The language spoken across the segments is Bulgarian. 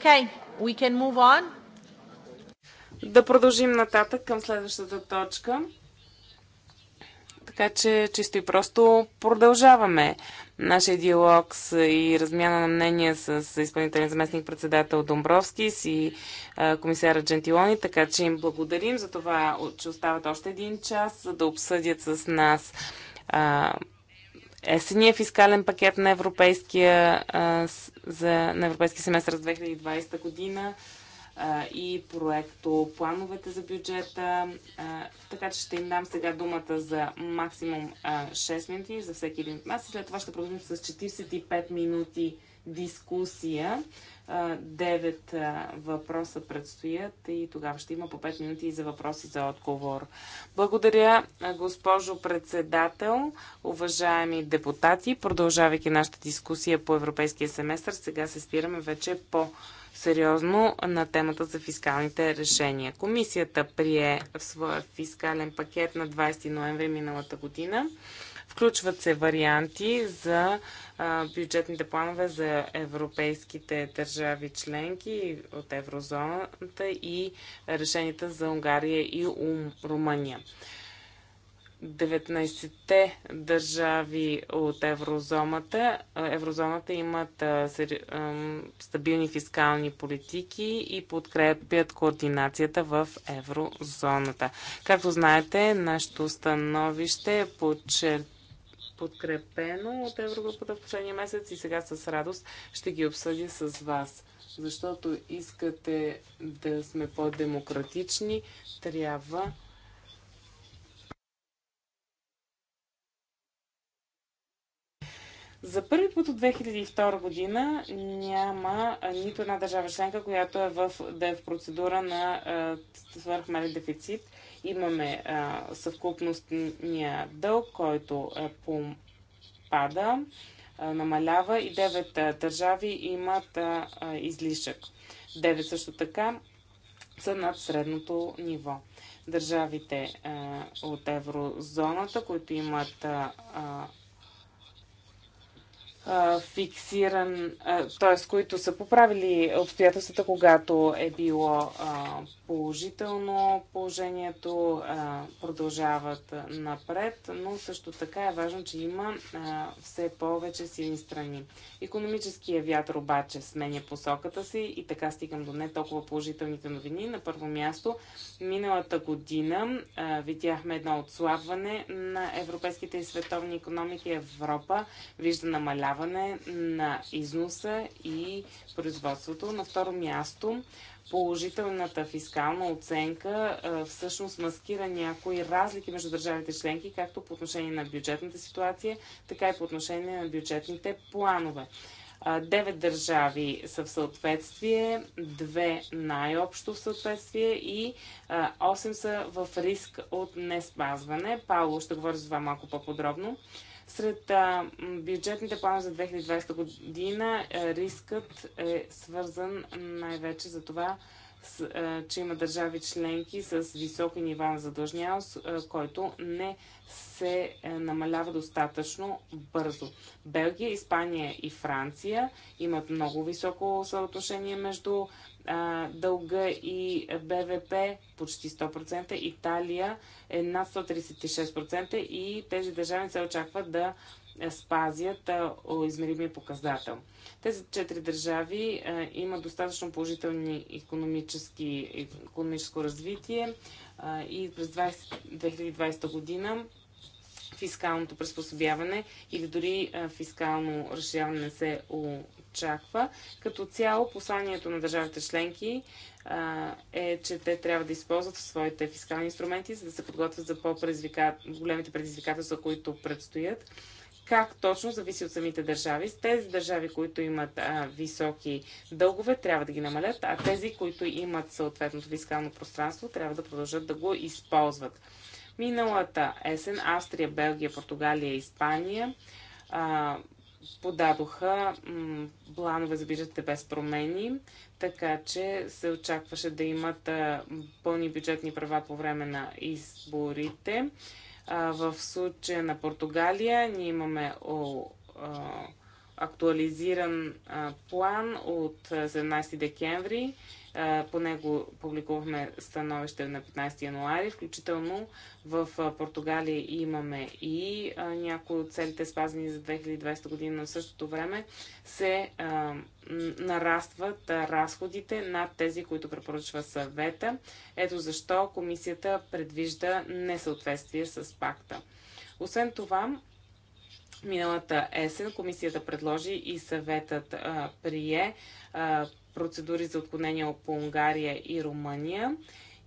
Okay, we can move on. Да продължим нататък към следващата точка. Така че чисто и просто продължаваме нашия диалог с и размяна на мнение с изпълнителен заместник председател Домбровски и комисара Джентилони, така че им благодарим за това, че остават още един час, за да обсъдят с нас а, есения фискален пакет на европейския, за, на европейския семестър за 2020 година и проекто плановете за бюджета. Така че ще им дам сега думата за максимум 6 минути за всеки един от нас и след това ще продължим с 45 минути дискусия. Девет въпроса предстоят и тогава ще има по 5 минути и за въпроси за отговор. Благодаря, госпожо председател, уважаеми депутати. Продължавайки нашата дискусия по европейския семестър, сега се спираме вече по сериозно на темата за фискалните решения. Комисията прие в своя фискален пакет на 20 ноември миналата година Включват се варианти за бюджетните планове за европейските държави членки от еврозоната и решенията за Унгария и Румъния. 19-те държави от еврозоната, еврозоната имат стабилни фискални политики и подкрепят координацията в еврозоната. Както знаете, нашето становище подчерта подкрепено от Еврогрупата в последния месец и сега с радост ще ги обсъдя с вас. Защото искате да сме по-демократични, трябва За първи път от 2002 година няма нито една държава членка, която е в, да е в процедура на свърхмален дефицит. Имаме а, съвкупностния дълг, който а, пада, а, намалява и 9 държави имат излишък. 9 също така са над средното ниво. Държавите от еврозоната, които имат а, фиксиран, т.е. които са поправили обстоятелствата, когато е било а, положително положението, а, продължават напред, но също така е важно, че има все повече сини страни. Економическия вятър обаче сменя посоката си и така стигам до не толкова положителните новини. На първо място, миналата година видяхме едно отслабване на европейските и световни економики. Европа вижда намаляване намаляване на износа и производството. На второ място, положителната фискална оценка всъщност маскира някои разлики между държавите членки, както по отношение на бюджетната ситуация, така и по отношение на бюджетните планове. Девет държави са в съответствие, две най-общо в съответствие и 8 са в риск от неспазване. Пауло ще говори за това малко по-подробно. Сред а, бюджетните планове за 2020 година а, е, рискът е свързан най-вече за това, с, а, е, че има държави членки с високи нива на задължняност, е, който не се намалява достатъчно бързо. Белгия, Испания и Франция имат много високо съотношение между дълга и БВП почти 100%, Италия е над 136% и тези държави се очакват да спазят измеримия показател. Тези четири държави имат достатъчно положителни економически, економическо развитие и през 2020 година фискалното приспособяване или дори фискално разширяване се очаква. Като цяло посланието на държавите членки е, че те трябва да използват своите фискални инструменти, за да се подготвят за по-големите предизвикателства, които предстоят. Как точно зависи от самите държави. С тези държави, които имат а, високи дългове, трябва да ги намалят, а тези, които имат съответното фискално пространство, трябва да продължат да го използват. Миналата есен Австрия, Белгия, Португалия и Испания а, подадоха планове за бюджетите без промени, така че се очакваше да имат а, пълни бюджетни права по време на изборите. А, в случая на Португалия ние имаме о, актуализиран план от 17 декември по него публикувахме становище на 15 януари, включително в Португалия имаме и някои от целите спазени за 2020 година, но в същото време се нарастват разходите над тези, които препоръчва съвета. Ето защо комисията предвижда несъответствие с пакта. Освен това, Миналата есен комисията предложи и съветът прие процедури за отклонение по Унгария и Румъния.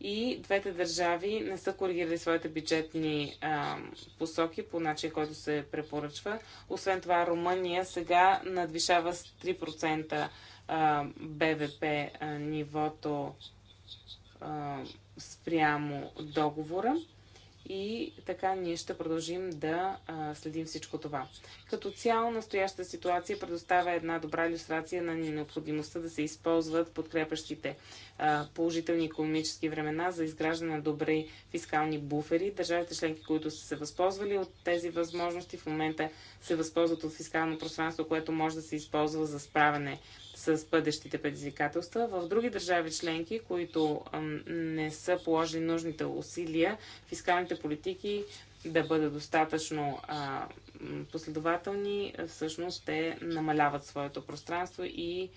И двете държави не са коригирали своите бюджетни а, посоки по начин, който се препоръчва. Освен това, Румъния сега надвишава с 3% а, БВП а, нивото а, спрямо договора и така ние ще продължим да а, следим всичко това. Като цяло, настоящата ситуация предоставя една добра иллюстрация на необходимостта да се използват подкрепящите а, положителни економически времена за изграждане на добри фискални буфери. Държавите членки, които са се възползвали от тези възможности, в момента се възползват от фискално пространство, което може да се използва за справяне с бъдещите предизвикателства. В други държави членки, които не са положили нужните усилия, фискалните политики да бъдат достатъчно последователни, всъщност те намаляват своето пространство и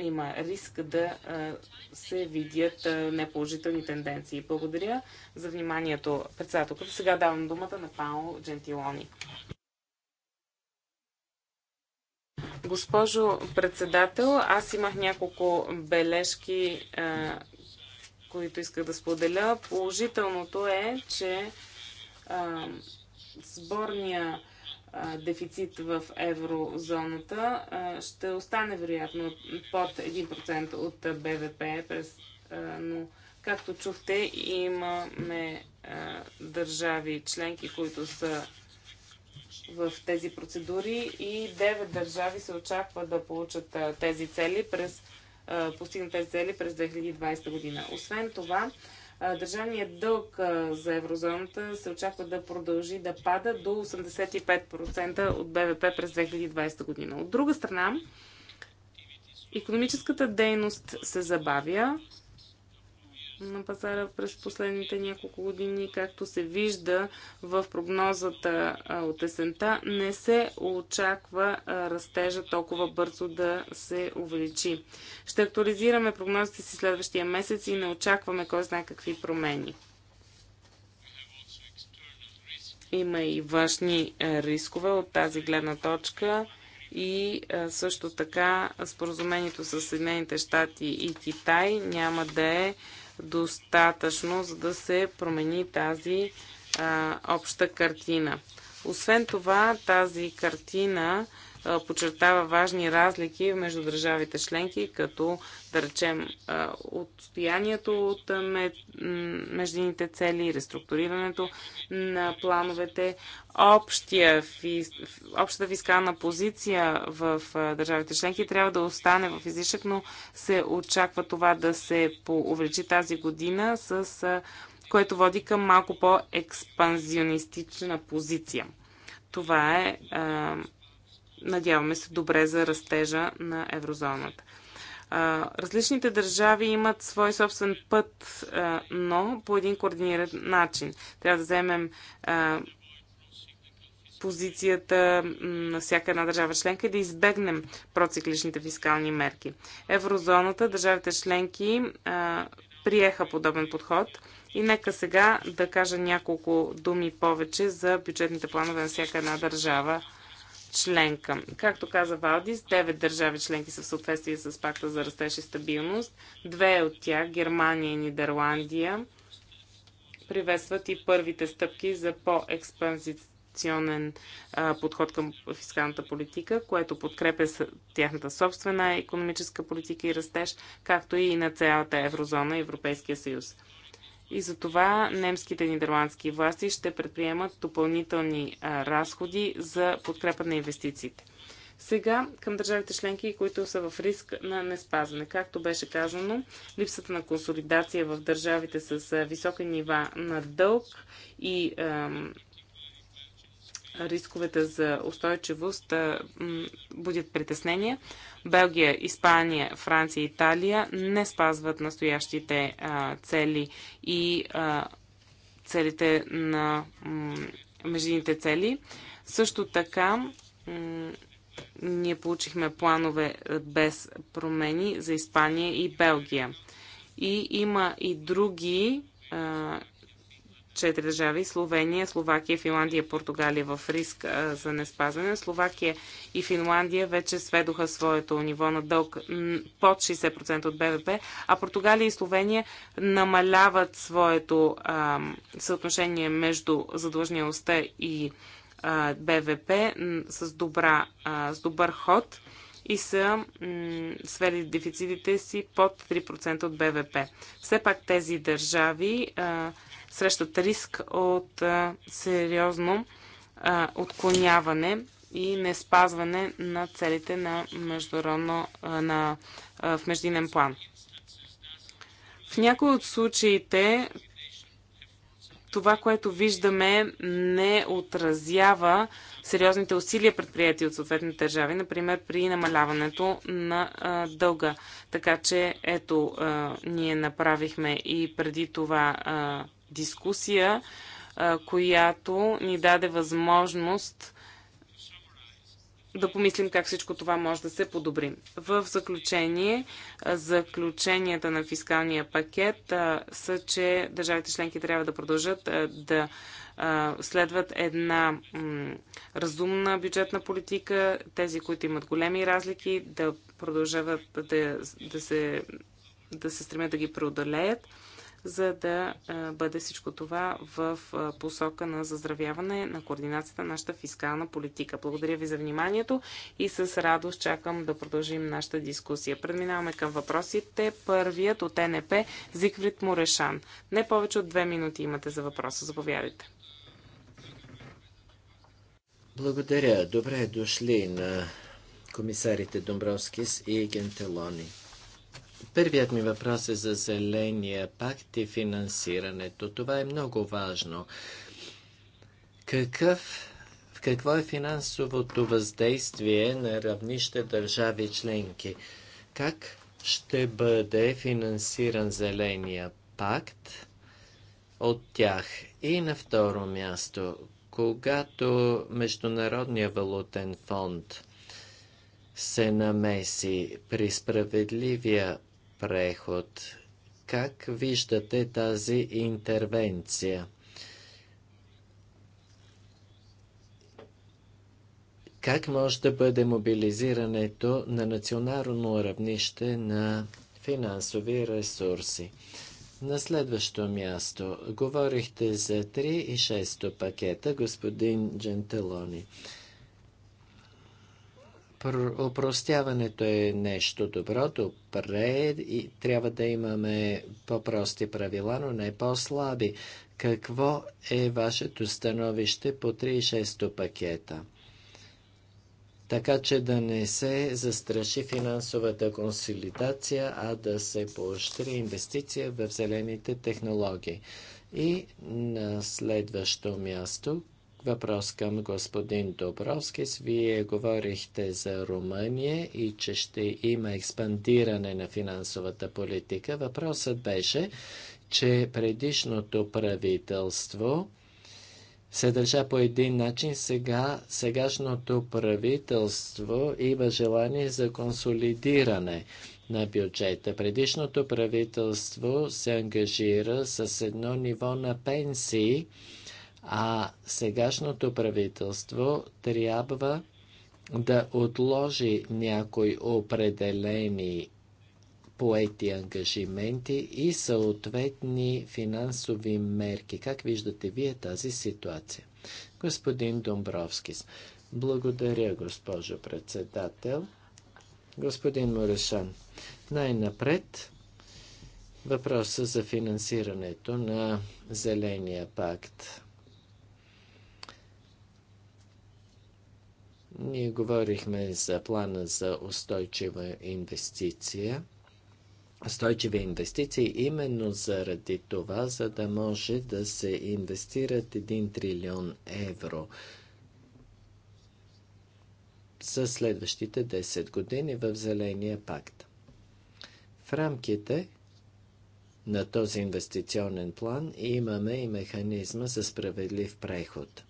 има риск да се видят неположителни тенденции. Благодаря за вниманието, председателката. Сега давам думата на Пао Джентилони. Госпожо председател, аз имах няколко бележки, които исках да споделя. Положителното е, че сборния дефицит в еврозоната ще остане вероятно под 1% от БВП, през, но както чухте, имаме държави членки, които са в тези процедури и 9 държави се очаква да получат тези цели през постигнат тези цели през 2020 година. Освен това, държавният дълг за еврозоната се очаква да продължи да пада до 85% от БВП през 2020 година. От друга страна, економическата дейност се забавя, на пазара през последните няколко години, както се вижда в прогнозата от есента, не се очаква растежа толкова бързо да се увеличи. Ще актуализираме прогнозите си следващия месец и не очакваме кой знае какви промени. Има и външни рискове от тази гледна точка и също така споразумението с Съединените щати и Китай няма да е достатъчно, за да се промени тази а, обща картина. Освен това, тази картина подчертава важни разлики между държавите членки, като да речем отстоянието от междинните цели, реструктурирането на плановете, общия, общата фискална позиция в държавите членки трябва да остане в излишък, но се очаква това да се увеличи тази година, с което води към малко по-експанзионистична позиция. Това е надяваме се, добре за растежа на еврозоната. Различните държави имат свой собствен път, но по един координиран начин. Трябва да вземем позицията на всяка една държава членка и да избегнем процикличните фискални мерки. Еврозоната, държавите членки приеха подобен подход. И нека сега да кажа няколко думи повече за бюджетните планове на всяка една държава членка. Както каза Валдис, 9 държави членки са в съответствие с пакта за растеж и стабилност. Две от тях, Германия и Нидерландия, приветстват и първите стъпки за по-експанзиционен подход към фискалната политика, което подкрепя тяхната собствена економическа политика и растеж, както и на цялата еврозона и Европейския съюз. И затова немските и нидерландски власти ще предприемат допълнителни а, разходи за подкрепа на инвестициите. Сега към държавите членки, които са в риск на неспазване. Както беше казано, липсата на консолидация в държавите с висока нива на дълг и рисковете за устойчивост будят притеснения. Белгия, Испания, Франция и Италия не спазват настоящите цели и целите на междинните цели. Също така ние получихме планове без промени за Испания и Белгия. И има и други четири държави Словения, Словакия, Финландия, Португалия в риск за неспазване. Словакия и Финландия вече сведоха своето ниво на дълг под 60% от БВП, а Португалия и Словения намаляват своето а, съотношение между задлъжнялостта и а, БВП с, добра, а, с добър ход и са свели дефицитите си под 3% от БВП. Все пак тези държави а, срещат риск от а, сериозно а, отклоняване и не спазване на целите на международно а, на, а, в междинен план. В някои от случаите това, което виждаме, не отразява сериозните усилия предприяти от съответните държави, например при намаляването на а, дълга. Така че, ето, а, ние направихме и преди това а, дискусия, която ни даде възможност да помислим как всичко това може да се подобри. В заключение, заключенията на фискалния пакет са, че държавите членки трябва да продължат да следват една разумна бюджетна политика, тези, които имат големи разлики, да продължават да, да, се, да се стремят да ги преодолеят за да бъде всичко това в посока на заздравяване на координацията на нашата фискална политика. Благодаря ви за вниманието и с радост чакам да продължим нашата дискусия. Преминаваме към въпросите. Първият от НП Зигфрид Морешан. Не повече от две минути имате за въпроса. Заповядайте. Благодаря. Добре дошли на комисарите Домбровскис и Гентелони. Първият ми въпрос е за зеления пакт и финансирането. Това е много важно. Какъв, какво е финансовото въздействие на равнище държави членки? Как ще бъде финансиран зеления пакт от тях? И на второ място, когато Международния валутен фонд се намеси при справедливия преход. Как виждате тази интервенция? Как може да бъде мобилизирането на национално равнище на финансови ресурси? На следващо място говорихте за 3 и 6 пакета, господин Джентелони. Опростяването е нещо добро, добре, и трябва да имаме по-прости правила, но не по-слаби. Какво е вашето становище по 36-то пакета? Така че да не се застраши финансовата консолидация, а да се поощри инвестиция в зелените технологии. И на следващо място, Въпрос към господин Добровски. Вие говорихте за Румъния и че ще има експандиране на финансовата политика. Въпросът беше, че предишното правителство се държа по един начин. Сега, сегашното правителство има желание за консолидиране на бюджета. Предишното правителство се ангажира с едно ниво на пенсии, а сегашното правителство трябва да отложи някои определени поети ангажименти и съответни финансови мерки. Как виждате вие тази ситуация? Господин Домбровскис. Благодаря, госпожо председател. Господин Морешан, най-напред въпроса за финансирането на Зеления пакт. Ние говорихме за плана за устойчива инвестиция, устойчиви инвестиции именно заради това, за да може да се инвестират 1 трилион евро за следващите 10 години в Зеления пакт. В рамките на този инвестиционен план имаме и механизма за справедлив преход –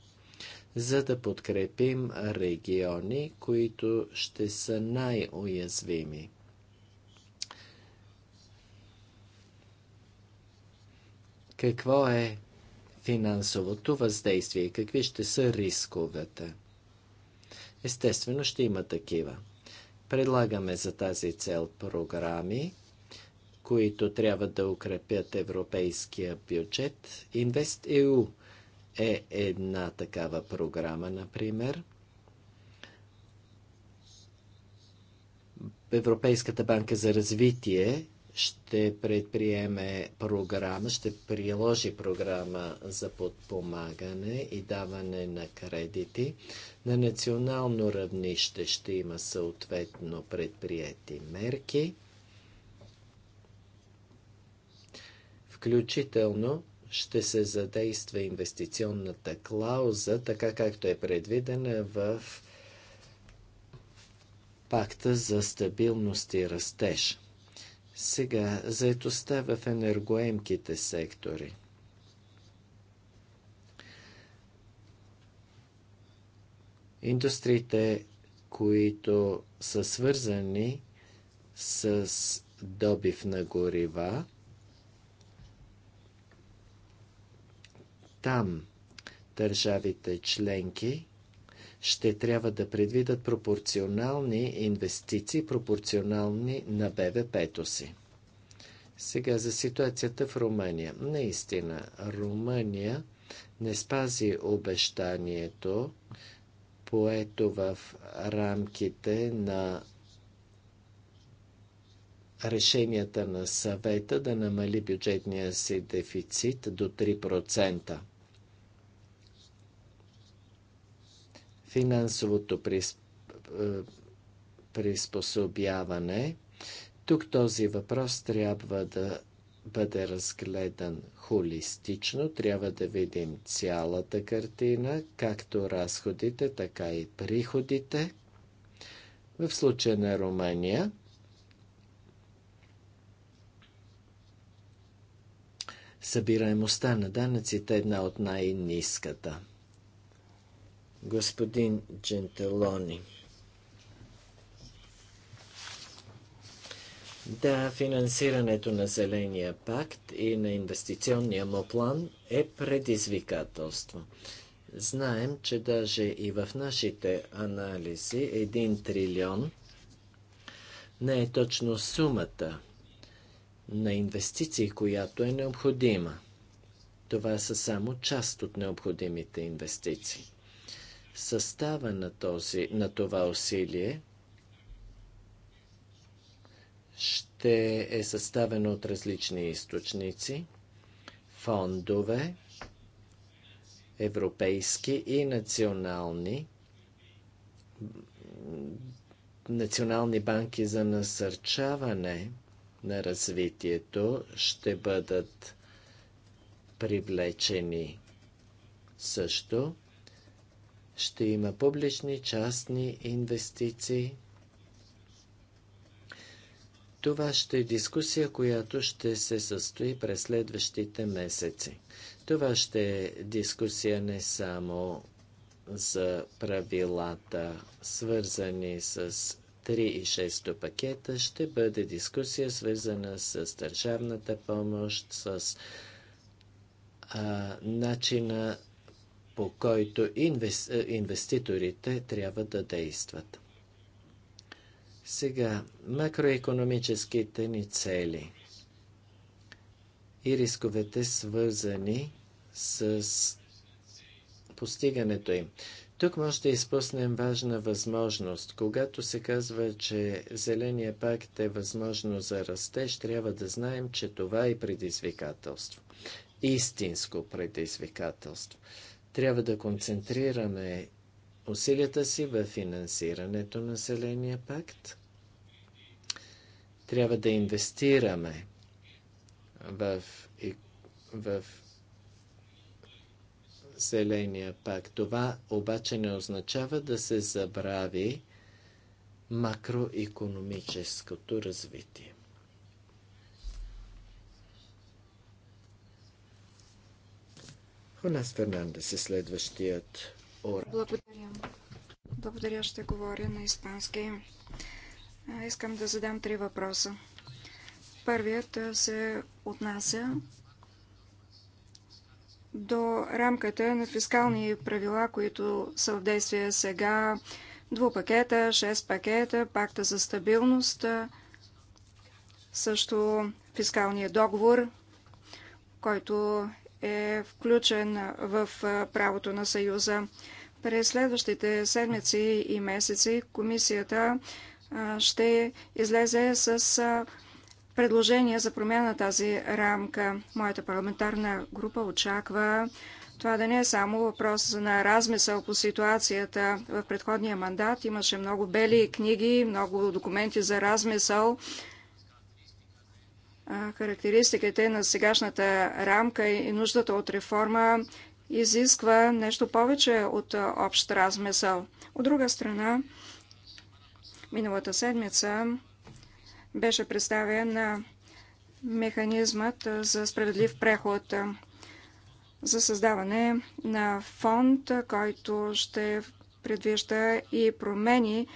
за да подкрепим региони, които ще са най-уязвими. Какво е финансовото въздействие? Какви ще са рисковете? Естествено, ще има такива. Предлагаме за тази цел програми, които трябва да укрепят европейския бюджет. InvestEU е една такава програма, например. Европейската банка за развитие ще предприеме програма, ще приложи програма за подпомагане и даване на кредити. На национално равнище ще има съответно предприяти мерки, включително ще се задейства инвестиционната клауза, така както е предвидена в пакта за стабилност и растеж. Сега, заетостта в енергоемките сектори. Индустриите, които са свързани с добив на горива, Там държавите членки ще трябва да предвидат пропорционални инвестиции, пропорционални на БВП-то си. Сега за ситуацията в Румъния. Наистина, Румъния не спази обещанието, поето в рамките на решенията на съвета да намали бюджетния си дефицит до 3%. финансовото е, приспособяване. Тук този въпрос трябва да бъде разгледан холистично, трябва да видим цялата картина, както разходите, така и приходите. В случая на Румъния събираемостта на данъците е една от най-низката – господин Джентелони. Да, финансирането на Зеления пакт и на инвестиционния му план е предизвикателство. Знаем, че даже и в нашите анализи 1 трилион не е точно сумата на инвестиции, която е необходима. Това са само част от необходимите инвестиции състава на, този, на това усилие ще е съставено от различни източници, фондове, европейски и национални, национални банки за насърчаване на развитието ще бъдат привлечени също ще има публични, частни инвестиции. Това ще е дискусия, която ще се състои през следващите месеци. Това ще е дискусия не само за правилата, свързани с 3 и 6 пакета, ще бъде дискусия, свързана с държавната помощ, с а, начина по който е, инвеститорите трябва да действат. Сега, макроекономическите ни цели и рисковете свързани с постигането им. Тук може да изпуснем важна възможност. Когато се казва, че Зеления пакт е възможно за растеж, трябва да знаем, че това е предизвикателство. Истинско предизвикателство. Трябва да концентрираме усилията си в финансирането на Зеления пакт. Трябва да инвестираме в, в Зеления пакт. Това обаче не означава да се забрави макроекономическото развитие. Хонас Фернандес е следващият ор. Благодаря. Благодаря, ще говоря на испански. Искам да задам три въпроса. Първият се отнася до рамката на фискални правила, които са в действие сега. Двупакета, шест пакета, пакта за стабилност, също фискалния договор, който е включен в правото на Съюза. През следващите седмици и месеци комисията ще излезе с предложение за промяна на тази рамка. Моята парламентарна група очаква това да не е само въпрос на размисъл по ситуацията. В предходния мандат имаше много бели книги, много документи за размисъл характеристиките на сегашната рамка и нуждата от реформа изисква нещо повече от общ размисъл. От друга страна, миналата седмица беше представен механизмът за справедлив преход за създаване на фонд, който ще предвижда и промени,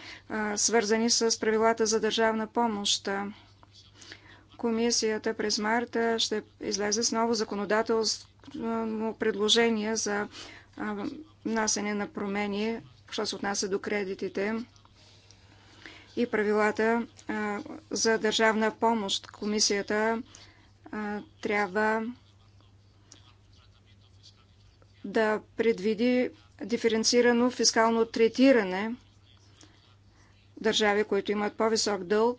свързани с правилата за държавна помощ. Комисията през марта ще излезе с ново законодателно предложение за внасене на промени, що се отнася до кредитите и правилата за държавна помощ. Комисията трябва да предвиди диференцирано фискално третиране държави, които имат по-висок дълг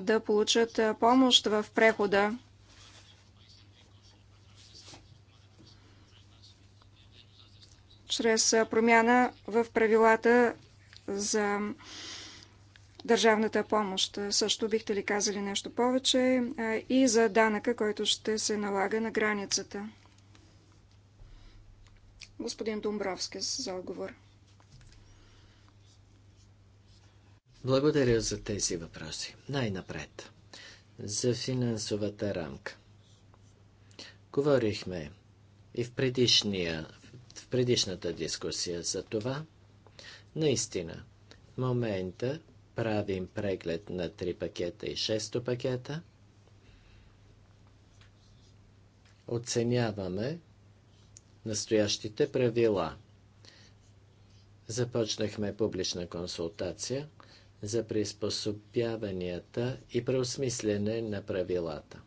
да получат помощ в прехода. чрез промяна в правилата за държавната помощ. Също бихте ли казали нещо повече и за данъка, който ще се налага на границата? Господин Домбровски за отговор. Благодаря за тези въпроси. Най-напред. За финансовата рамка. Говорихме и в, предишния, в предишната дискусия за това. Наистина, в момента правим преглед на 3 пакета и 6 пакета. Оценяваме настоящите правила. Започнахме публична консултация за приспособяванията и преосмислене на правилата.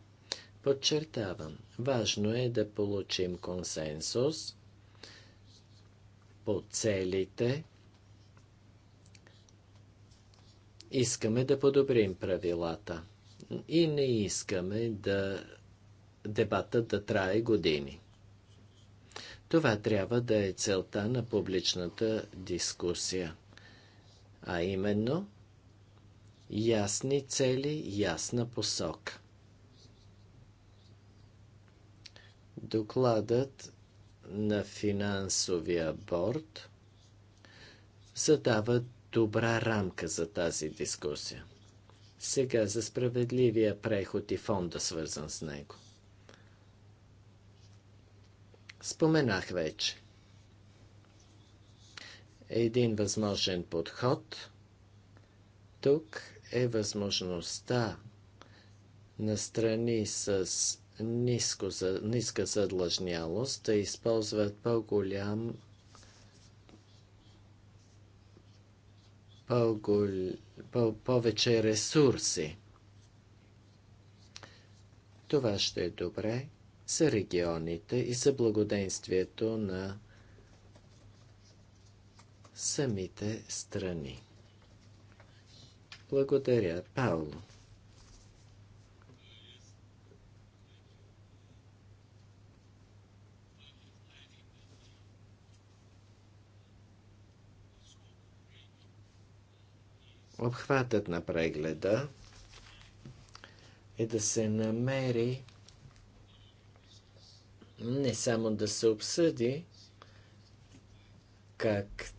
Подчертавам, важно е да получим консенсус по целите. Искаме да подобрим правилата и не искаме да дебатът да трае години. Това трябва да е целта на публичната дискусия, а именно – ясни цели, ясна посока. Докладът на финансовия борт задава добра рамка за тази дискусия. Сега за справедливия преход и фонда, свързан с него. Споменах вече. Един възможен подход тук е възможността на страни с ниско, ниска задлъжнялост да използват по-голям по повече ресурси. Това ще е добре за регионите и за благоденствието на самите страни. Благодаря, Пауло. Обхватът на прегледа е да се намери не само да се обсъди как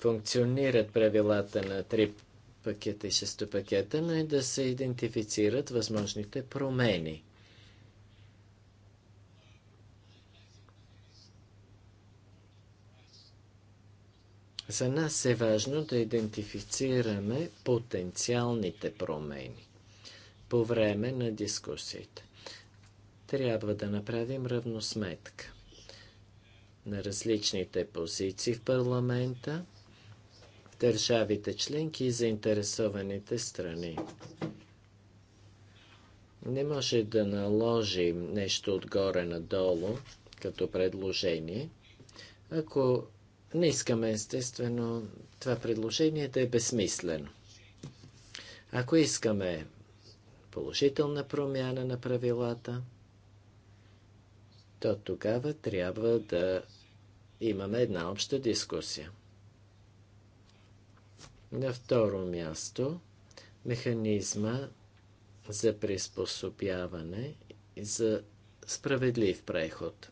функционират правилата на ТРИП пакета и шестопакета, но и да се идентифицират възможните промени. За нас е важно да идентифицираме потенциалните промени по време на дискусиите. Трябва да направим равносметка на различните позиции в парламента – държавите членки и заинтересованите страни. Не може да наложим нещо отгоре надолу като предложение, ако не искаме естествено това предложение да е безсмислено. Ако искаме положителна промяна на правилата, то тогава трябва да имаме една обща дискусия. На второ място, механизма за приспособяване и за справедлив преход.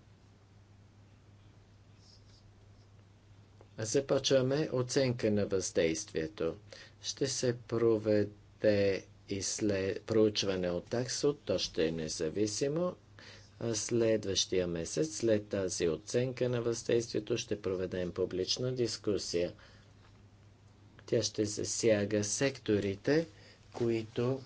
Започваме оценка на въздействието. Ще се проведе изслед... проучване от таксо, то ще е независимо. А следващия месец, след тази оценка на въздействието, ще проведем публична дискусия – тя ще засяга секторите, които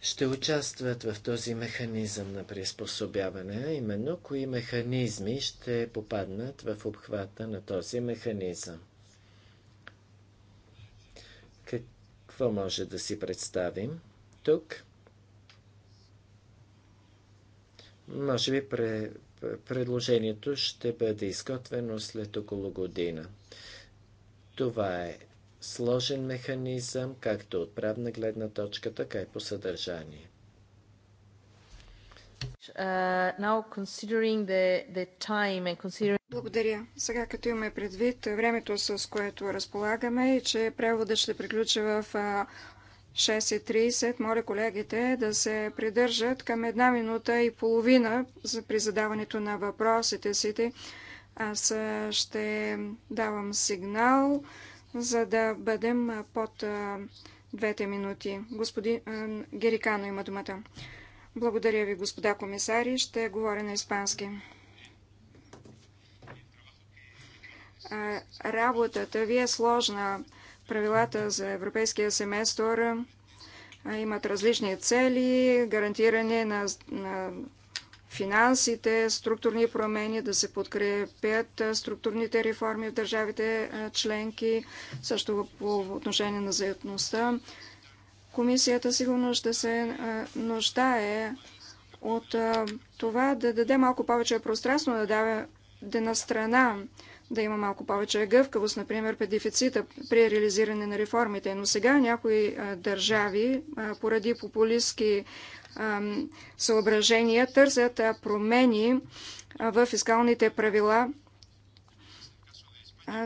ще участват в този механизъм на приспособяване, а именно кои механизми ще попаднат в обхвата на този механизъм. Какво може да си представим тук? Може би предложението ще бъде изготвено след около година. Това е сложен механизъм, както от правна гледна точка, така и по съдържание. Uh, the, the considering... Благодаря. Сега като имаме предвид времето, с което разполагаме и че преводът ще приключи в 6.30, моля колегите да се придържат към една минута и половина за при задаването на въпросите си. Аз ще давам сигнал, за да бъдем под двете минути. Господин Герикано има думата. Благодаря ви, господа комисари. Ще говоря на испански. Работата ви е сложна. Правилата за европейския семестър имат различни цели. Гарантиране на, на финансите, структурни промени, да се подкрепят структурните реформи в държавите членки, също по отношение на заедността. Комисията сигурно ще се нуждае от това да даде малко повече пространство, да даде на страна да има малко повече гъвкавост, например, при дефицита, при реализиране на реформите. Но сега някои държави, поради популистски съображения, търсят промени в фискалните правила.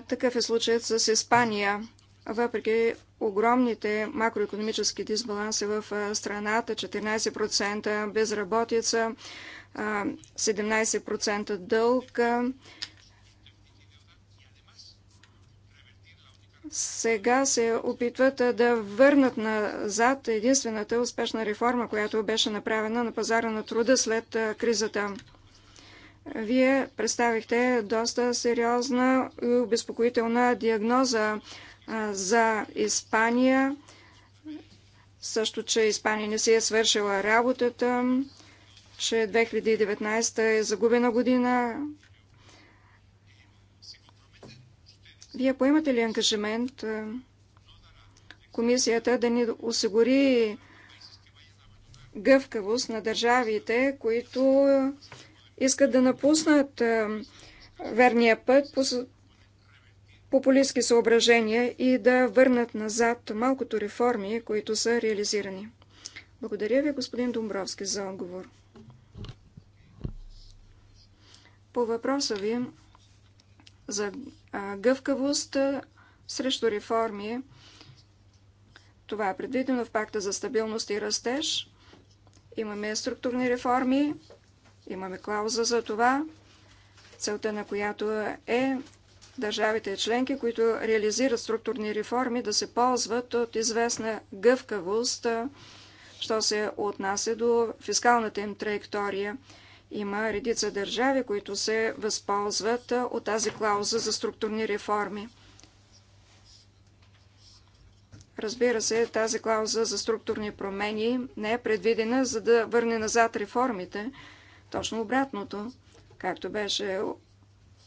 Такъв е случаят с Испания. Въпреки огромните макроекономически дисбаланси в страната, 14% безработица, 17% дълг, сега се опитват да върнат назад единствената успешна реформа, която беше направена на пазара на труда след кризата. Вие представихте доста сериозна и обезпокоителна диагноза за Испания. Също, че Испания не си е свършила работата, че 2019 е загубена година, Вие поемате ли ангажимент е, комисията да ни осигури гъвкавост на държавите, които е, искат да напуснат е, верния път по популистски съображения и да върнат назад малкото реформи, които са реализирани. Благодаря ви, господин Домбровски, за отговор. По въпроса ви за гъвкавост срещу реформи. Това е предвидено в пакта за стабилност и растеж. Имаме структурни реформи, имаме клауза за това, целта на която е държавите членки, които реализират структурни реформи, да се ползват от известна гъвкавост, що се отнася до фискалната им траектория. Има редица държави, които се възползват от тази клауза за структурни реформи. Разбира се, тази клауза за структурни промени не е предвидена, за да върне назад реформите. Точно обратното, както беше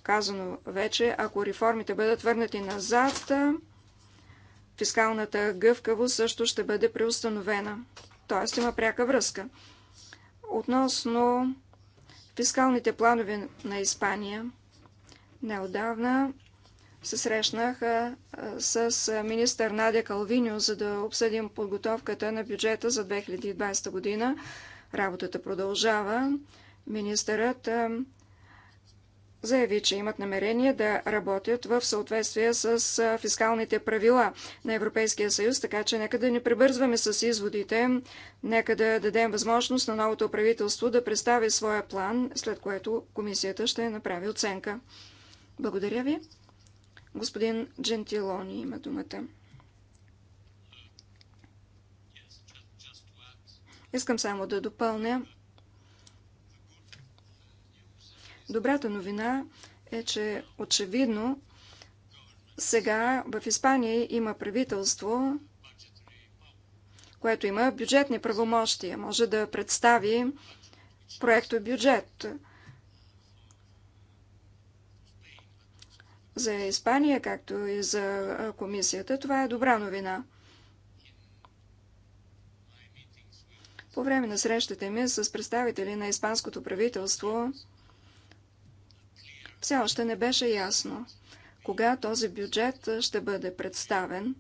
казано вече, ако реформите бъдат върнати назад, фискалната гъвкавост също ще бъде преустановена. Тоест има пряка връзка. Относно фискалните планове на Испания. Неодавна се срещнах с министър Надя Калвиньо, за да обсъдим подготовката на бюджета за 2020 година. Работата продължава. Министърът заяви, че имат намерение да работят в съответствие с фискалните правила на Европейския съюз, така че нека да не прибързваме с изводите, нека да дадем възможност на новото правителство да представи своя план, след което комисията ще направи оценка. Благодаря ви. Господин Джентилони има думата. Искам само да допълня, Добрата новина е, че очевидно сега в Испания има правителство, което има бюджетни правомощия. Може да представи проекто бюджет. За Испания, както и за комисията, това е добра новина. По време на срещата ми с представители на испанското правителство, все още не беше ясно кога този бюджет ще бъде представен.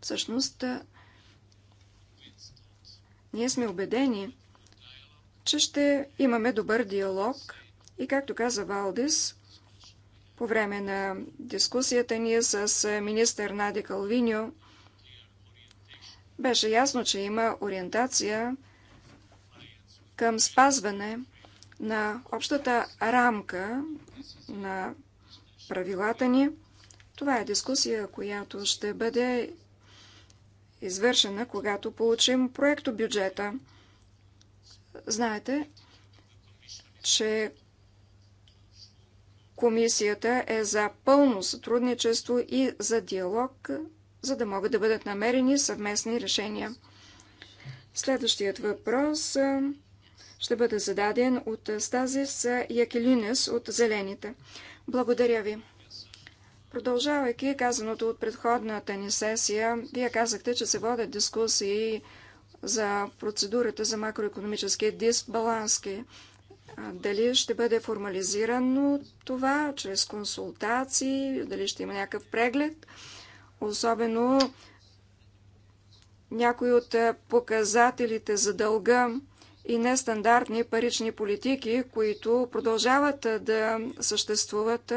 Всъщност, ние сме убедени, че ще имаме добър диалог и, както каза Валдис, по време на дискусията ние с министър Нади Калвиньо беше ясно, че има ориентация към спазване на общата рамка на правилата ни. Това е дискусия, която ще бъде извършена, когато получим проекто бюджета. Знаете, че комисията е за пълно сътрудничество и за диалог, за да могат да бъдат намерени съвместни решения. Следващият въпрос ще бъде зададен от Стазис Якелинес от Зелените. Благодаря ви. Продължавайки казаното от предходната ни сесия, вие казахте, че се водят дискусии за процедурата за макроекономическия дисбалански. Дали ще бъде формализирано това чрез консултации, дали ще има някакъв преглед, особено някои от показателите за дълга и нестандартни парични политики, които продължават да съществуват.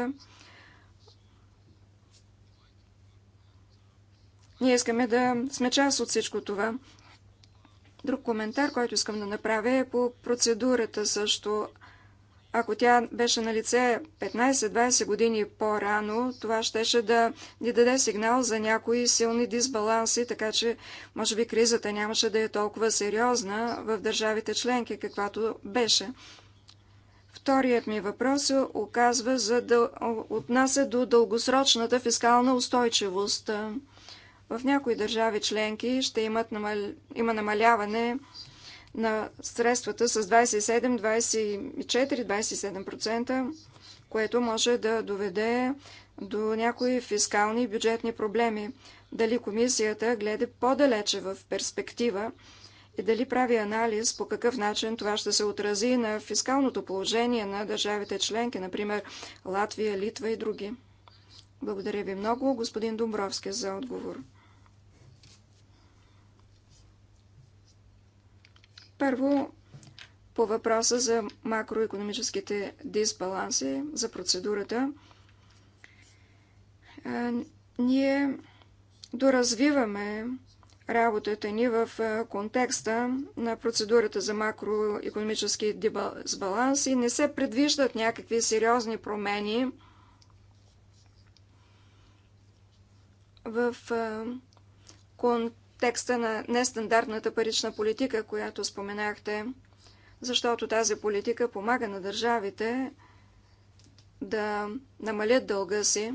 Ние искаме да сме част от всичко това. Друг коментар, който искам да направя е по процедурата също. Ако тя беше на лице 15-20 години по-рано, това щеше да ни даде сигнал за някои силни дисбаланси, така че може би кризата нямаше да е толкова сериозна в държавите членки, каквато беше. Вторият ми въпрос се оказва за да отнася до дългосрочната фискална устойчивост. В някои държави членки ще имат намал... има намаляване на средствата с 27, 24, 27%, което може да доведе до някои фискални и бюджетни проблеми. Дали комисията гледа по-далече в перспектива и дали прави анализ по какъв начин това ще се отрази на фискалното положение на държавите членки, например Латвия, Литва и други. Благодаря ви много, господин Домбровски, за отговор. Първо, по въпроса за макроекономическите дисбаланси, за процедурата, ние доразвиваме работата ни в контекста на процедурата за макроекономически дисбаланси. и не се предвиждат някакви сериозни промени в контекста текста на нестандартната парична политика, която споменахте, защото тази политика помага на държавите да намалят дълга си,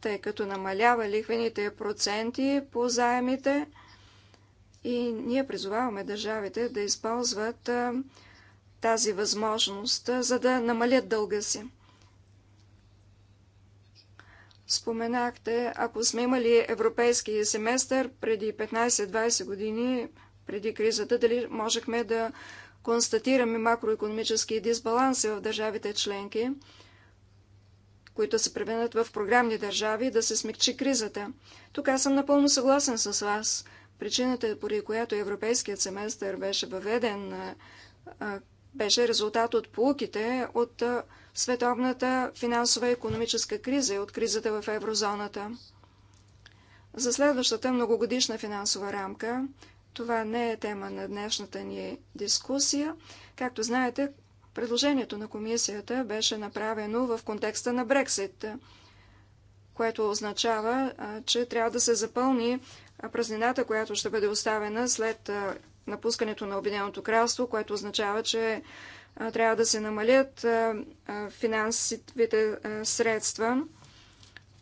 тъй като намалява лихвените проценти по заемите и ние призоваваме държавите да използват тази възможност, за да намалят дълга си. Споменахте, ако сме имали европейски семестър преди 15-20 години, преди кризата, дали можехме да констатираме макроекономически дисбаланси в държавите членки, които се превенят в програмни държави, да се смекчи кризата. Тук аз съм напълно съгласен с вас. Причината, поради която европейският семестър беше въведен, беше резултат от полуките от световната финансова и економическа криза и е от кризата в еврозоната. За следващата многогодишна финансова рамка това не е тема на днешната ни дискусия. Както знаете, предложението на комисията беше направено в контекста на Брексит, което означава, че трябва да се запълни празнината, която ще бъде оставена след напускането на Обединеното кралство, което означава, че трябва да се намалят финансовите средства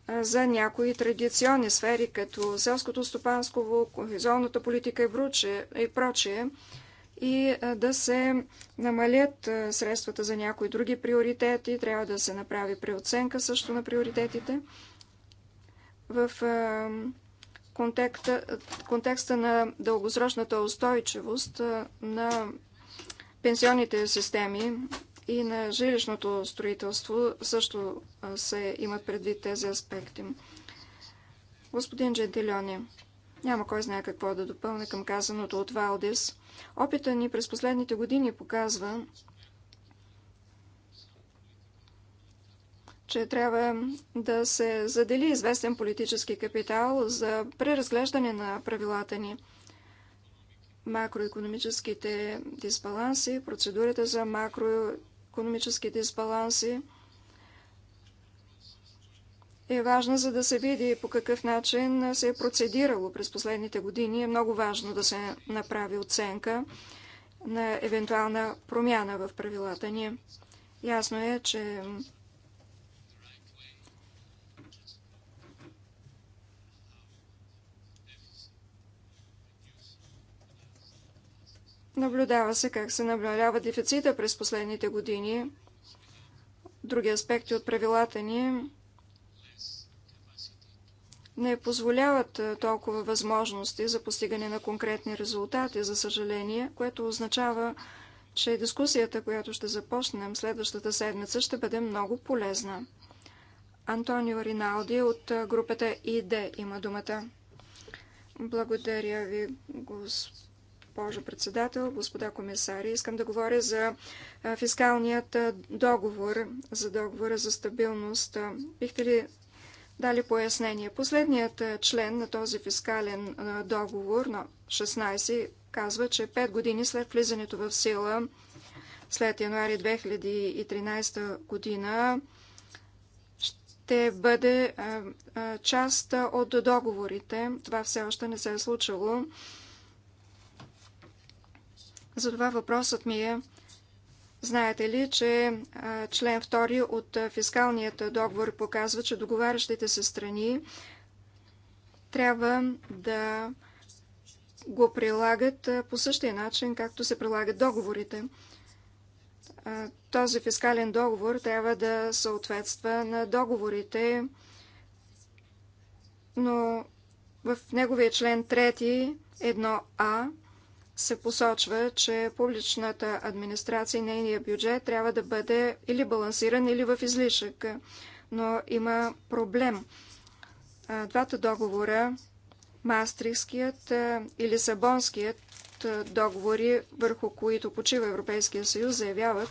за някои традиционни сфери, като селското стопанство, кохезионната политика и прочее, и да се намалят средствата за някои други приоритети. Трябва да се направи преоценка също на приоритетите. В контекста, контекста на дългосрочната устойчивост на Пенсионните системи и на жилищното строителство също се имат предвид тези аспекти. Господин Джентилиони, няма кой знае какво да допълне към казаното от Валдис. Опита ни през последните години показва, че трябва да се задели известен политически капитал за преразглеждане на правилата ни – макроекономическите дисбаланси, процедурата за макроекономически дисбаланси е важна, за да се види по какъв начин се е процедирало през последните години. Е много важно да се направи оценка на евентуална промяна в правилата ни. Ясно е, че Наблюдава се как се намалява дефицита през последните години. Други аспекти от правилата ни не позволяват е, толкова възможности за постигане на конкретни резултати, за съжаление, което означава, че дискусията, която ще започнем следващата седмица, ще бъде много полезна. Антонио Риналди от е, групата ИД има думата. Благодаря ви, господин госпожо председател, господа комисари. Искам да говоря за фискалният договор, за договора за стабилност. Бихте ли дали пояснение? Последният член на този фискален договор, на 16, казва, че 5 години след влизането в сила, след януари 2013 година, ще бъде част от договорите. Това все още не се е случило. Затова въпросът ми е, знаете ли, че член 2 от фискалният договор показва, че договарящите се страни трябва да го прилагат по същия начин, както се прилагат договорите. Този фискален договор трябва да съответства на договорите, но в неговия член 3, 1а, се посочва, че публичната администрация и нейния бюджет трябва да бъде или балансиран, или в излишък. Но има проблем. Двата договора, Мастрихският и Лисабонският договори, върху които почива Европейския съюз, заявяват,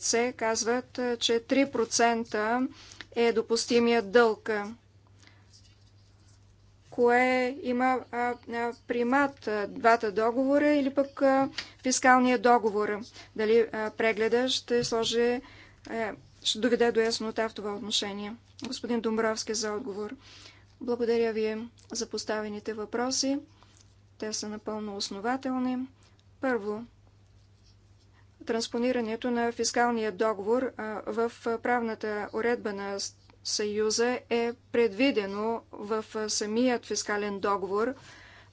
с казват, че 3% е допустимия дълг? Кое има а, примат? Двата договора или пък а, фискалния договор? Дали а, прегледа ще сложи, а, е, ще доведе до яснота в това отношение? Господин Домбровски за отговор. Благодаря ви за поставените въпроси. Те са напълно основателни. Първо, транспонирането на фискалния договор в правната уредба на Съюза е предвидено в самият фискален договор.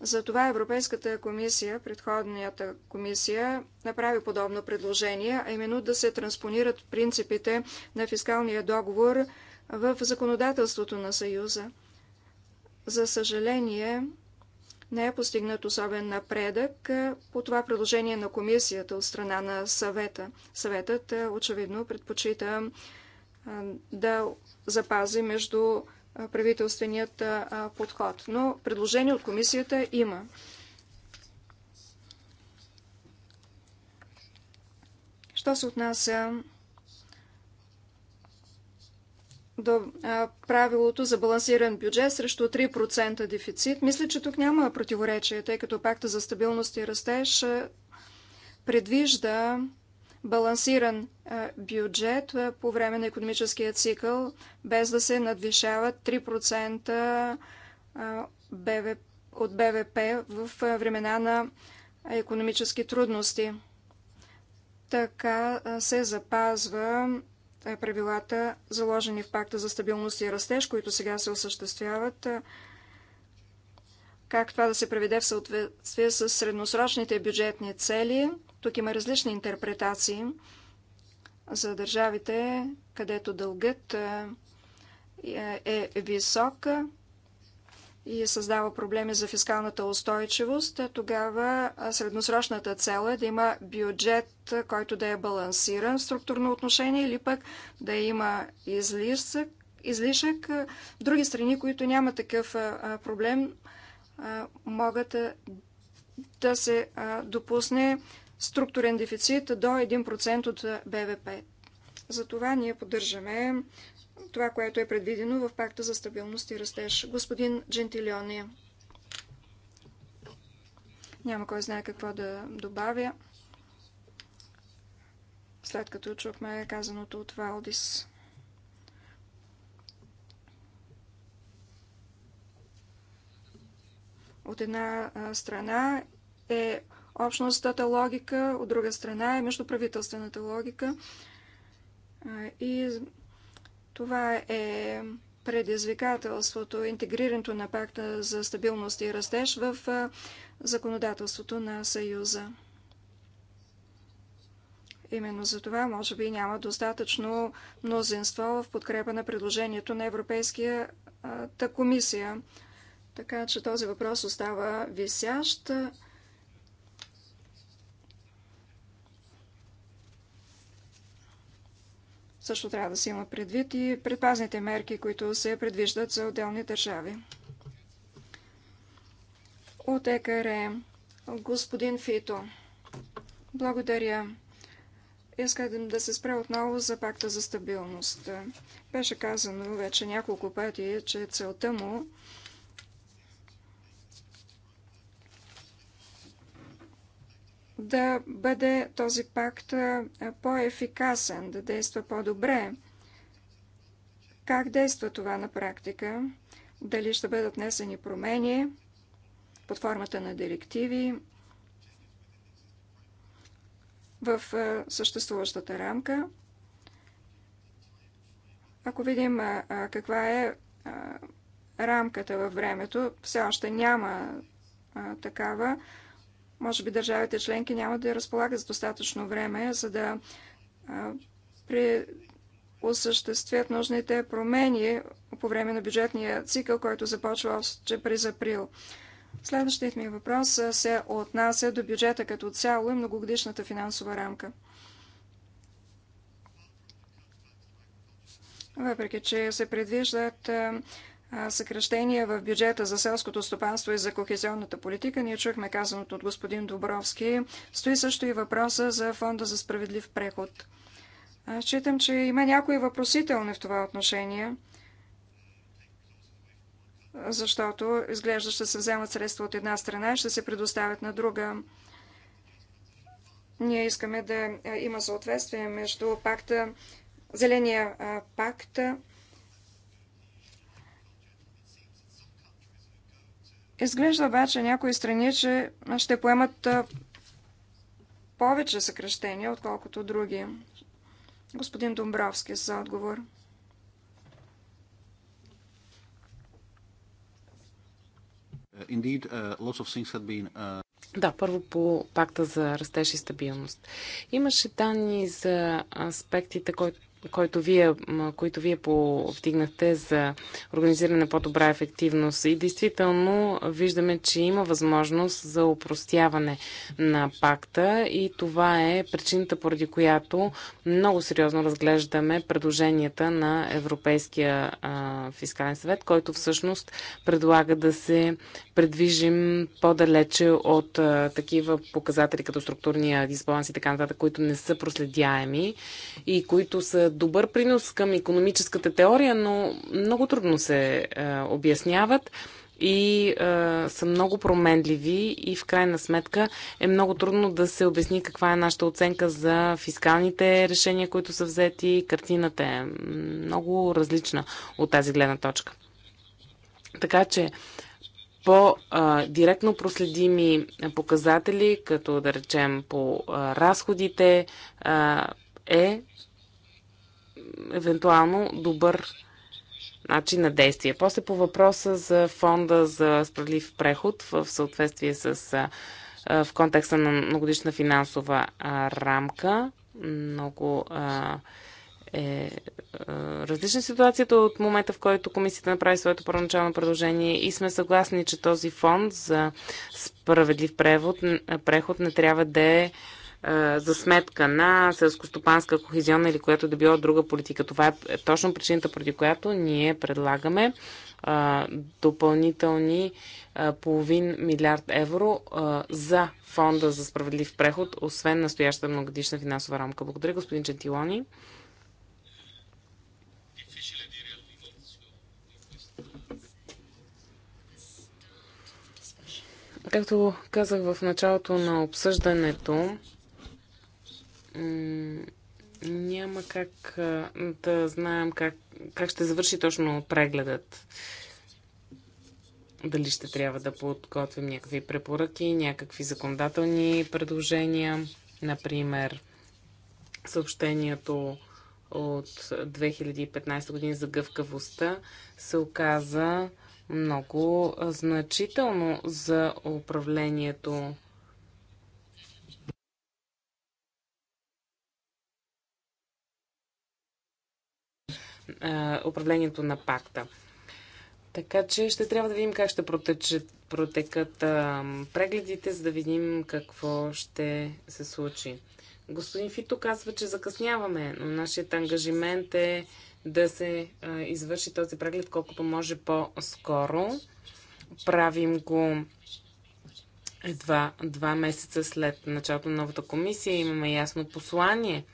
Затова Европейската комисия, предходната комисия, направи подобно предложение, а именно да се транспонират принципите на фискалния договор в законодателството на Съюза. За съжаление, не е постигнат особен напредък по това предложение на комисията от страна на съвета. Съветът очевидно предпочита да запази между правителственият подход. Но предложение от комисията има. Що се отнася до правилото за балансиран бюджет срещу 3% дефицит. Мисля, че тук няма противоречие, тъй като пакта за стабилност и растеж предвижда балансиран бюджет по време на економическия цикъл, без да се надвишават 3% от БВП в времена на економически трудности. Така се запазва е правилата, заложени в пакта за стабилност и растеж, които сега се осъществяват, е, как това да се преведе в съответствие с средносрочните бюджетни цели. Тук има различни интерпретации за държавите, където дългът е, е висок, и е създава проблеми за фискалната устойчивост, тогава средносрочната цел е да има бюджет, който да е балансиран в структурно отношение или пък да има излишък, излишък. Други страни, които няма такъв проблем, могат да се допусне структурен дефицит до 1% от БВП. Затова ние поддържаме това, което е предвидено в пакта за стабилност и растеж. Господин Джентилиони. Няма кой знае какво да добавя. След като чухме казаното от Валдис. От една страна е общностната логика, от друга страна е междуправителствената логика. И това е предизвикателството, интегрирането на пакта за стабилност и растеж в законодателството на Съюза. Именно за това, може би, няма достатъчно мнозинство в подкрепа на предложението на Европейската комисия. Така че този въпрос остава висящ. Също трябва да се има предвид и предпазните мерки, които се предвиждат за отделни държави. От ЕКР господин Фито. Благодаря. Искам да се спра отново за пакта за стабилност. Беше казано вече няколко пъти, че целта му да бъде този пакт по-ефикасен, да действа по-добре. Как действа това на практика? Дали ще бъдат внесени промени под формата на директиви в съществуващата рамка? Ако видим каква е рамката във времето, все още няма такава. Може би държавите членки няма да разполагат с достатъчно време, за да при осъществят нужните промени по време на бюджетния цикъл, който започва още през април. Следващият ми въпрос се отнася до бюджета като цяло и многогодишната финансова рамка. Въпреки, че се предвиждат съкръщения в бюджета за селското стопанство и за кохезионната политика, ние чухме казаното от господин Добровски, стои също и въпроса за Фонда за справедлив преход. Считам, че има някои въпросителни в това отношение, защото изглежда ще се вземат средства от една страна и ще се предоставят на друга. Ние искаме да има съответствие между пакта, Зеления пакт Изглежда обаче някои страни, че ще поемат повече съкръщения, отколкото други. Господин Домбровски за отговор. Uh, indeed, uh, been, uh... Да, първо по пакта за растеж и стабилност. Имаше данни за аспектите, който, който вие, които вие повдигнахте за организиране на по-добра ефективност. И действително виждаме, че има възможност за упростяване на пакта и това е причината, поради която много сериозно разглеждаме предложенията на Европейския фискален съвет, който всъщност предлага да се предвижим по-далече от а, такива показатели като структурния дисбаланс и така нататък, които не са проследяеми и които са добър принос към економическата теория, но много трудно се е, обясняват и е, са много променливи и в крайна сметка е много трудно да се обясни каква е нашата оценка за фискалните решения, които са взети. Картината е много различна от тази гледна точка. Така че по-директно е, проследими показатели, като да речем по е, разходите, е, е евентуално добър начин на действие. После по въпроса за фонда за справедлив преход в съответствие с в контекста на многодишна финансова рамка. Много е различна ситуацията от момента, в който комисията направи своето първоначално предложение и сме съгласни, че този фонд за справедлив превод, преход не трябва да е за сметка на селскостопанска кохезионна или която да била друга политика. Това е точно причината, преди която ние предлагаме допълнителни половин милиард евро за фонда за справедлив преход, освен настоящата многодишна финансова рамка. Благодаря, господин Джентилони. Както казах в началото на обсъждането, няма как да знаем как, как ще завърши точно прегледът. Дали ще трябва да подготвим някакви препоръки, някакви законодателни предложения, например съобщението от 2015 година за гъвкавостта се оказа много значително за управлението Е, управлението на пакта. Така че ще трябва да видим как ще протечат, протекат а, е, прегледите, за да видим какво ще се случи. Господин Фито казва, че закъсняваме, но нашият ангажимент е да се а, е, извърши този преглед колкото може по-скоро. Правим го едва два месеца след началото на новата комисия. Имаме ясно послание –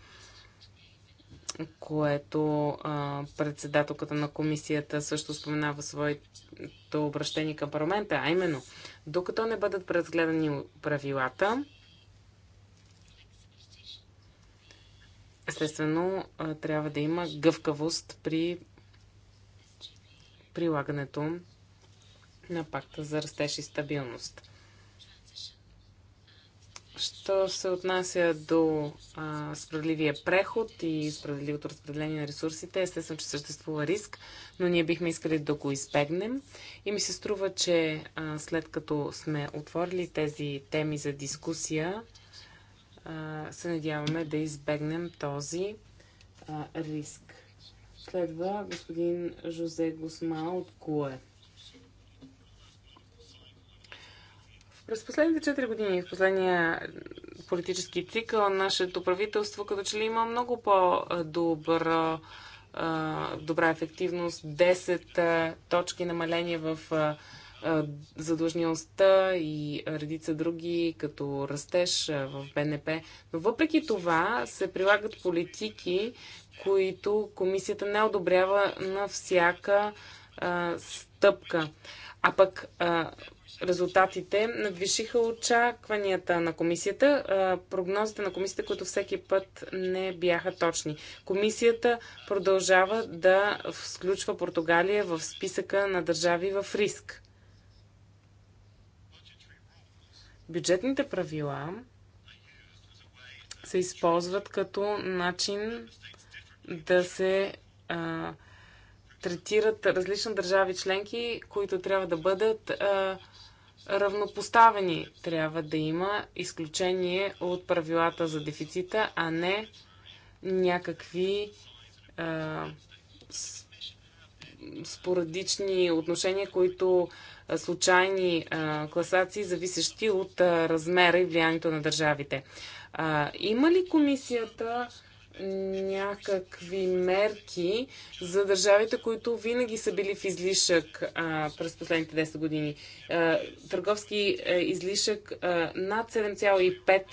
което а, председателката на комисията също споменава своето обращение към парламента, а именно, докато не бъдат преразгледани правилата, естествено а, трябва да има гъвкавост при прилагането на пакта за растеж и стабилност. Що се отнася до а, справедливия преход и справедливото разпределение на ресурсите, естествено, че съществува риск, но ние бихме искали да го избегнем. И ми се струва, че а, след като сме отворили тези теми за дискусия, а, се надяваме да избегнем този а, риск. Следва господин Жозе Гусма от КУЕ. През последните 4 години, в последния политически цикъл, нашето правителство като че ли има много по-добра добра ефективност, 10 точки намаление в задлъжнялостта и редица други, като растеж в БНП. Но въпреки това се прилагат политики, които комисията не одобрява на всяка а, стъпка. А пък а, резултатите надвишиха очакванията на комисията, прогнозите на комисията, които всеки път не бяха точни. Комисията продължава да включва Португалия в списъка на държави в риск. Бюджетните правила се използват като начин да се а, третират различни държави членки, които трябва да бъдат а, равнопоставени трябва да има изключение от правилата за дефицита, а не някакви а, спорадични отношения, които случайни а, класации, зависещи от а, размера и влиянието на държавите. А, има ли комисията някакви мерки за държавите, които винаги са били в излишък а, през последните 10 години. А, търговски а, излишък а, над 7,5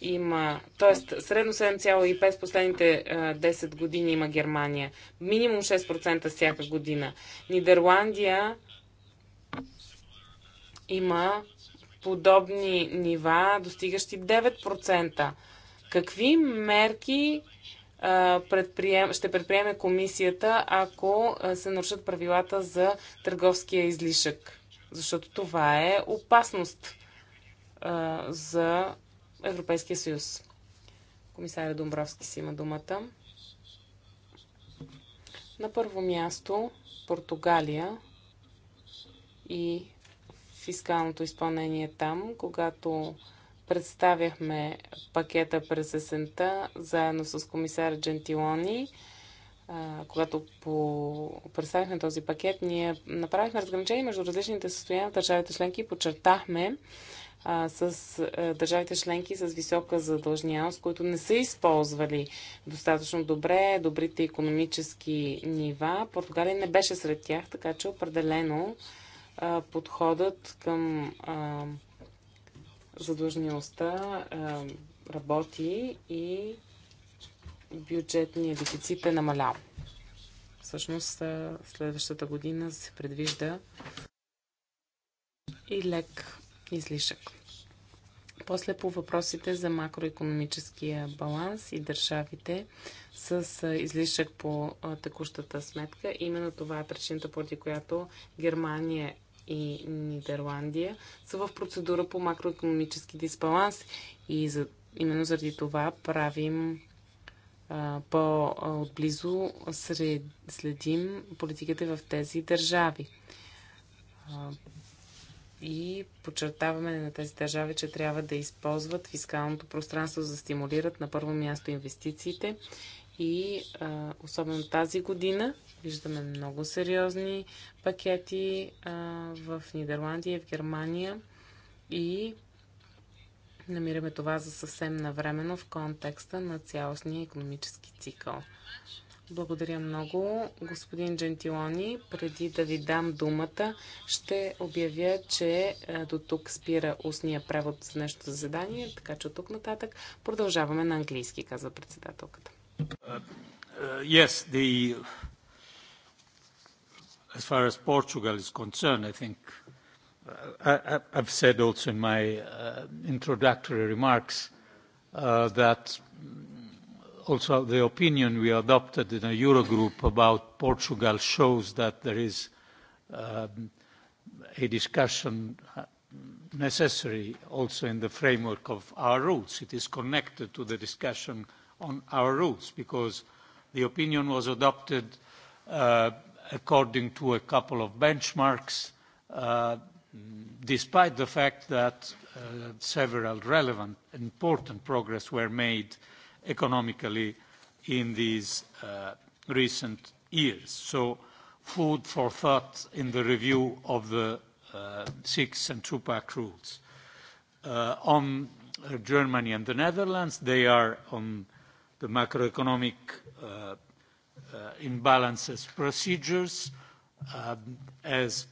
има, т.е. средно 7,5 в последните 10 години има Германия. Минимум 6% всяка година. Нидерландия има подобни нива, достигащи 9%. Какви мерки предприем, ще предприеме комисията, ако се нарушат правилата за търговския излишък? Защото това е опасност а, за Европейския съюз. Комисаря Домбровски си има думата. На първо място Португалия и фискалното изпълнение там, когато Представяхме пакета през есента заедно с комисар Джентилони. Когато по... представихме този пакет, ние направихме разграничение между различните състояния в държавите членки и подчертахме а, с а, държавите членки с висока задължняност, които не са използвали достатъчно добре добрите економически нива. Португалия не беше сред тях, така че определено а, подходът към. А, задлъжнялостта е, работи и бюджетният дефицит е намалял. Всъщност е, следващата година се предвижда и лек излишък. После по въпросите за макроекономическия баланс и държавите с е, излишък по текущата сметка. Именно това е причината, поради която Германия и Нидерландия са в процедура по макроекономически дисбаланс и за, именно заради това правим по-отблизо следим политиките в тези държави. А, и подчертаваме на тези държави, че трябва да използват фискалното пространство за да стимулират на първо място инвестициите и а, особено тази година виждаме много сериозни пакети а, в Нидерландия, в Германия и намираме това за съвсем навременно в контекста на цялостния економически цикъл. Благодаря много. Господин Джентилони, преди да ви дам думата, ще обявя, че до тук спира устния превод за днешното заседание, така че от тук нататък продължаваме на английски, казва председателката yes, the, as far as Portugal is concerned, I think I, I've said also in my introductory remarks that also the opinion we adopted in the Eurogroup about Portugal shows that there is a discussion necessary also in the framework of our rules. It is connected to the discussion on our rules because the opinion was adopted uh, according to a couple of benchmarks uh, despite the fact that uh, several relevant, important progress were made economically in these uh, recent years. So food for thought in the review of the uh, six and two-pack rules. Uh, on Germany and the Netherlands, they are on the macroeconomic uh, imbalances procedures. As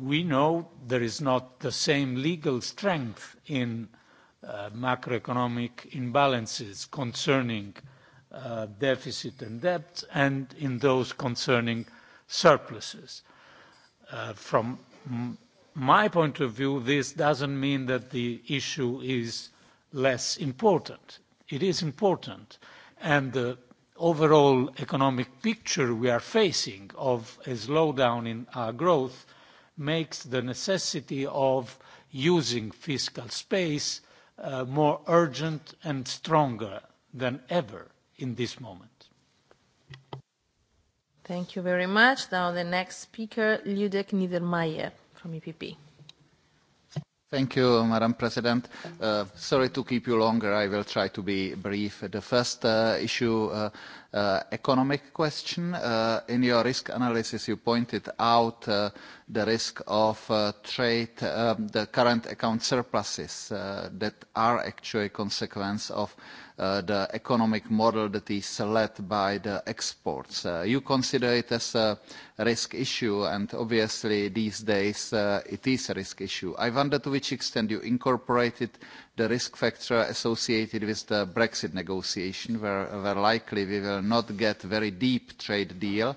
we know, there is not the same legal strength in macroeconomic imbalances concerning deficit and debt and in those concerning surpluses. From my point of view, this doesn't mean that the issue is less important It is important. And the overall economic picture we are facing of a slowdown in our growth makes the necessity of using fiscal space more urgent and stronger than ever in this moment. Thank you very much. Now the next speaker, Ludek Niedermayer from EPP. Thank you, Madam President. Uh, sorry to keep you longer. I will try to be brief. The first uh, issue uh, uh, economic question. in your risk analysis, you pointed out the risk of trade, the current account surpluses that are actually a consequence of the economic model that is led by the exports. you consider it as a risk issue, and obviously these days it is a risk issue. I wonder to which extent you incorporated the risk factor associated with the Brexit negotiation, where likely we will not get a very deep trade deal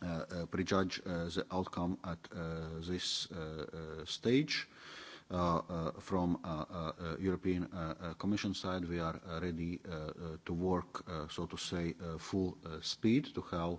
uh, prejudge uh, the outcome at uh, this uh, uh, stage. Uh, uh, from uh, uh, European uh, uh, Commission side, we are ready uh, uh, to work, uh, so to say, uh, full uh, speed to have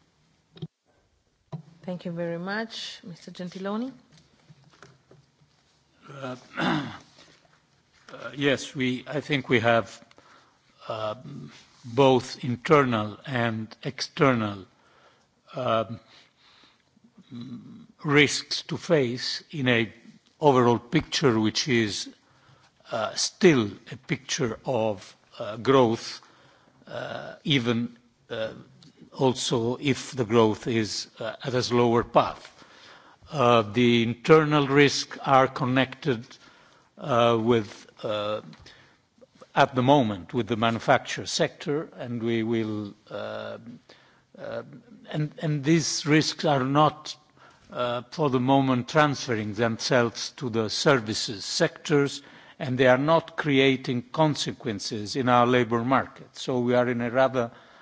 Thank you very much. Mr. Gentiloni? Uh, yes, we, I think we have uh, both internal and external uh, risks to face in a overall picture which is uh, still a picture of uh, growth uh, even uh, also if the growth is at a slower path. The internal risks are connected with, at the moment, with the manufacturer sector, and we will. And these risks are not, for the moment, transferring themselves to the services sectors, and they are not creating consequences in our labor market. So we are in a rather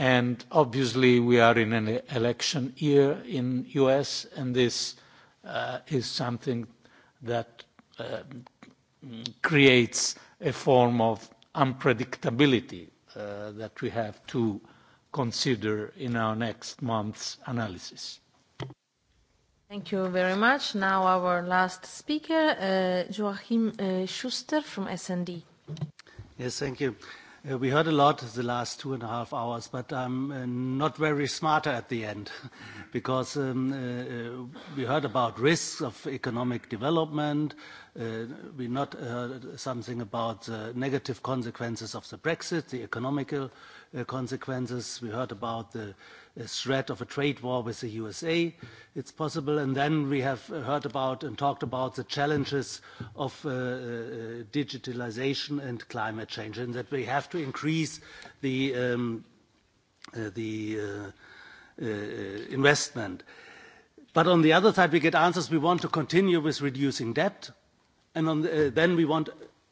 And obviously, we are in an election year in U.S., and this uh, is something that uh, creates a form of unpredictability uh, that we have to consider in our next month's analysis. Thank you very much. Now our last speaker, uh, Joachim uh, Schuster from SND. Yes, thank you. We heard a lot the last two and a half hours, but I'm not very smarter at the end because we heard about risks of economic development. We not heard something about the negative consequences of the Brexit, the economical consequences. We heard about the threat of a trade war with the USA. It's possible. And then we have heard about and talked about the challenges of digitalization and climate change, and that we have to increase the, um, the uh, uh, investment. But on the other side, we get answers. We want to continue with reducing debt, and on the, then we want,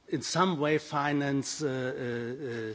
in some way, finance. uh,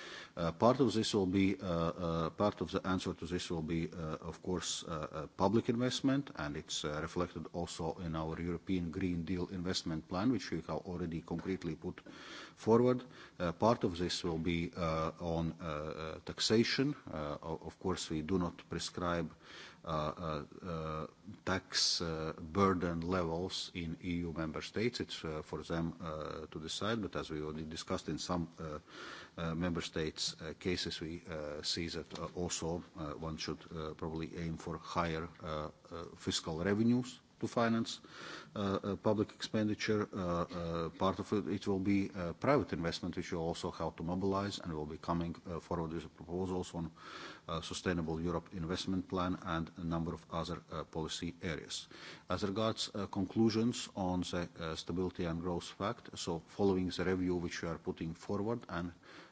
part of this will be, uh, uh, part of the answer to this will be, uh, of course, uh, uh, public investment, and it's uh, reflected also in our European Green Deal investment plan, which we have already concretely put forward. Uh, part of this will be uh, on uh, taxation. Uh, of course, we do not prescribe uh, tax burden levels in EU member states. It's uh, for them uh, to decide, but as we already discussed in some uh, uh, member states' uh, cases, we uh, see that uh, also uh, one should uh, probably aim for higher uh, uh, fiscal revenues to finance uh, public expenditure. Uh, uh, part of it, it will be uh, private investment, which will also how to mobilize, and will be coming uh, forward with proposals on uh, sustainable Europe investment plan and a number of other uh, policy areas. As regards uh, conclusions on the uh, stability and growth fact, so following the review which we are putting forward and